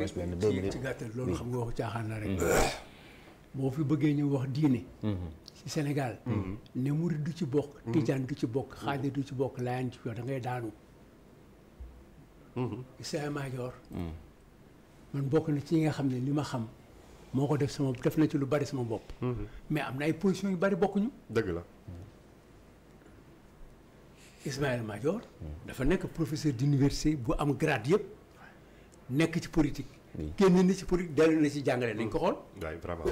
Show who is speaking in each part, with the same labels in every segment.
Speaker 1: moins benn deux minutes ci gàttal loolu xam nga waxu caaxaan na rek. Mm-hmm. boo fi bëggee ñu wax diine. Mm-hmm. ci Sénégal. Mm-hmm. ne murid du ci bokk. tijaan du ci bokk xaadir du ci bokk laayaan ci bokk da ngay daanu. Issa Madior. man bokk na ci nga xam ne li ma xam moo ko def sama def na ci lu bari sama bopp. mais am na ay position yu bari bokkuñu. dëgg la. Ismaël Madior. Mm. dafa nekk professeur d'université bu am grade yëpp. nek ci politique. kenn ni ci politique delu na ci jangale nañ ko mm. xool. waaw vraiment.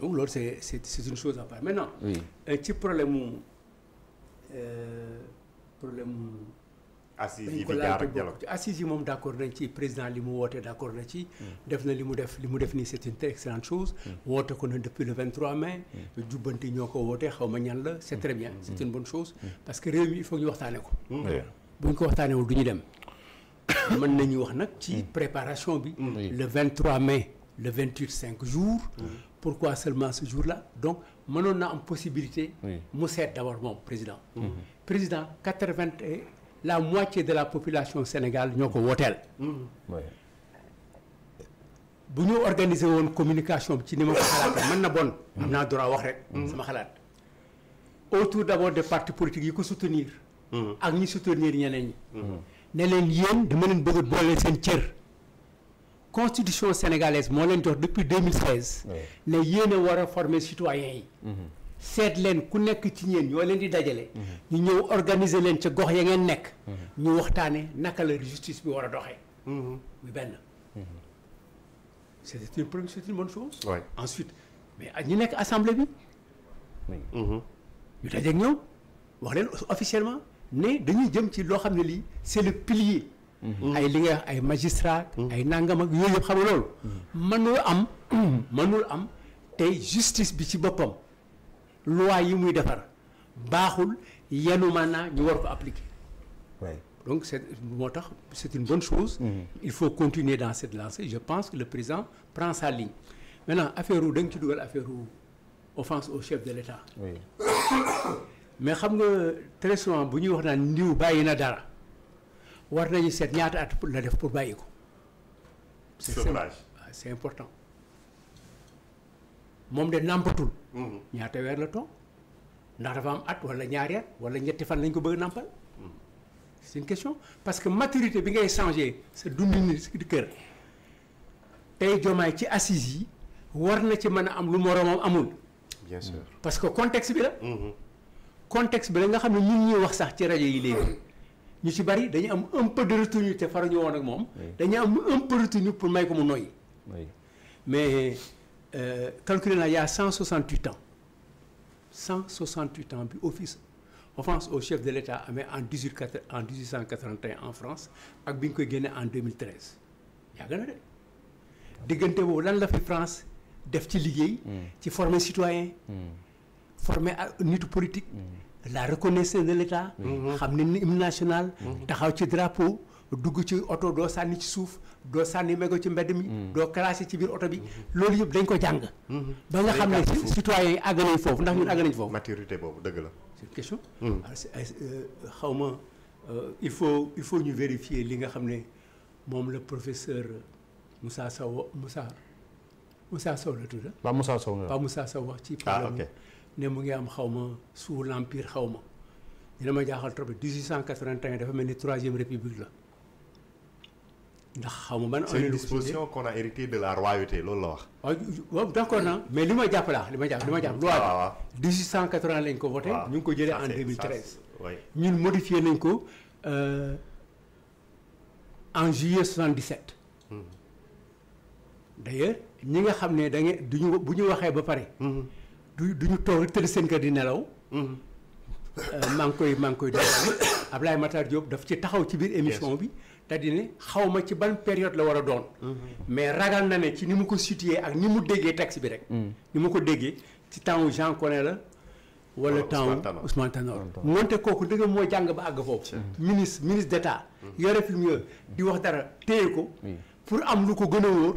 Speaker 1: donc loolu c'est c'est c'est une chose à part maintenant. Euh, ci problème euh problème mu. assise yi dialogue assise mom d'accord d' nañ ci président li woté d'accord na ci. Mm. def na li def li def ni c'est une très excellente chose. Mm. woté ko na depuis le 23 mai. jubbanti ñoo ko woote xaw ñan la c'est très bien. C'est une bonne chose. parce que réew mi il faut ñu waxtané ko. bu ñu ko waxtané du duñu dem. Nous nañu wax nak mm. préparation mm. le 23 mai le 28 5 jours mm. pourquoi seulement ce jour-là donc on na une possibilité d'avoir mon d'abord président mm-hmm. président 80 euh, la moitié de la population Sénégal ñoko un hôtel bu ñu organiser une communication ci na bon am droit autour d'abord des partis politiques yi ko soutenir ak ñi soutenir ñeneen ne leen yéen dama leen bëgg a boole seen cër constitution sénégalaise moo leen jox depuis 2016. ne yéen a war a former citoyens yi. Mhm. seet leen ku nekk ci ñeen ñoo leen di dajale. Mhm. ñu ñëw organiser leen ca gox ya ngeen nekk. Mhm. ñu waxtaane naka la justice bi war a doxee. muy benn. c'est une première c'est une bonne chose. Ouais. ensuite mais ñu nekk assemblée bi. ñu dajeeg ñoom wax leen officiellement ne dañuy jëm ci loo xam ne c'est le pilier. Mhm. ay li nga ay magistrat mhm. ay nangam ak yooyu yëpp xam nga loolu. Mhm. am manul am tey justice bi ci bopam, loi yi muy défar, baaxul yenu maanaa ñu war ko appliquer. donc c'est motax, c'est une bonne chose. il faut continuer dans cette lancée je pense que le président prend sa ligne. maintenant affaire da nga ci duggal affaire offense au chef de l'État. Oui. mais xam nga très bu ñuy wax naan ndiw bàyyi na dara war nañu seet ñaata at la def pour bàyyi ko. c'est ah, important moom de nàmpatul. Mm-hmm. ñaata weer la toog ndax dafa am at wala ñaari at wala ñetti fan lañ ko bëgg a nàmpal. Mm-hmm. c'est une question parce que maturité bi ngay changé sa dundin di kër tey jomaay ci assise yi war na ci mën a am lu moroomam amul. parce que contexte bi la. Mm-hmm. contexte bi la nga xam ne ñi wax sax ci rajo yi légui ñu ci bari dañu am un peu de retenue te faruñu woon ak mom dañu am un peu de retenue pour may ko mu noy mais euh, calculer naa y' 168 ans 168 ans bi office offense au chef de l'état état amee en 18 en 1881 en France ak biñ koy génné en 2013 ya gëna dé digënté boobu lan la fi France def ci liggéey. Hmm. ci former citoyen. Mm formé ak nitu politique la reconnaissance de l'État xam ni hymne national taxaw ci drapeau dugg ci auto do sanni ci souf do sanni mego ci mbedd mi doo classé ci biir auto bi loolu yëpp dañ ko jang ba nga xamné citoyen citoyens yi àgg ndax ñun àgg fofu maturité bobu dëgg la c'est une question hmm. ah, euh, euh, xawma euh, il faut il faut ñu vérifier li nga xamné mom le professeur Moussa Sow Moussa Moussa Sow la tudd Paa Moussa Sow Sow ci ah, OK ne mu ngi am xaw ma sous l'empire xaw ma dina ma jaaxal trop 1881 dafa mel ni troisième république la ndax xaw ma ban. on est une disposition qu'on a hérité de la royauté loolu la wax. Ah, waaw d'accord naa mais li ma jàpp laa li ma jàpp li ma jàpp. waaw waaw loi bi 1880 ah, ah, lañ ko voté. ñu ngi ko jëlee en 2013. ñun modifié nañ ko euh, en juillet 77. Hmm. d'ailleurs ñi nga xam ne da ngeen du ñu waxee ba pare. Hmm. du du ñu toog tëdd seen kër di nelaw. Mm-hmm. Euh, maa ngi koy maa ngi koy def Ablaye Matar Diop daf ci taxaw ci biir émission bi. te di xaw ma ci ban période la war a doon. Mm-hmm. mais ragal na ne ci ni mu ko situé ak ni mu déggee texte bi rek. Mm. ni mu ko déggee ci temps wu Jean Collin la. wala temps wu Ousmane Tanor moonte kooku dëgg moo jàng ba àgg foofu. ministre ministre d' état. Mm. yore fi mu di wax dara téye ko. pour am lu ko gën a wóor.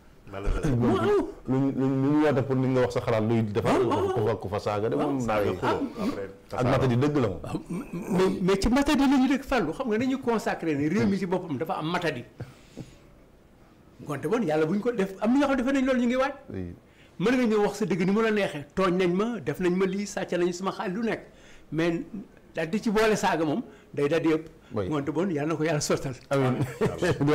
Speaker 1: malheureusement lu ñu lu ñu war pour ni nga wax sa xalaat luy defar. Ah, ah, ah. ku fa ku fa saaga de moom. saaga xuloo après ak matadi dëgg la moom. mais mais ci matadi la ñu dëkk fàllu xam nga nañu consacré ne réew mi ci boppam dafa am matadi. gonte woon yàlla bu ñu ko def am na ñoo xam defe nañ loolu ñu ngi waaj. mën nga ñëw wax sa dëgg ni mu la neexee tooñ nañ ma def nañ ma lii sàcc nañ sama xaalis lu nekk mais daal ci boole saaga moom day daal di yëpp. gonte woon yàlla na ko yàlla sottal.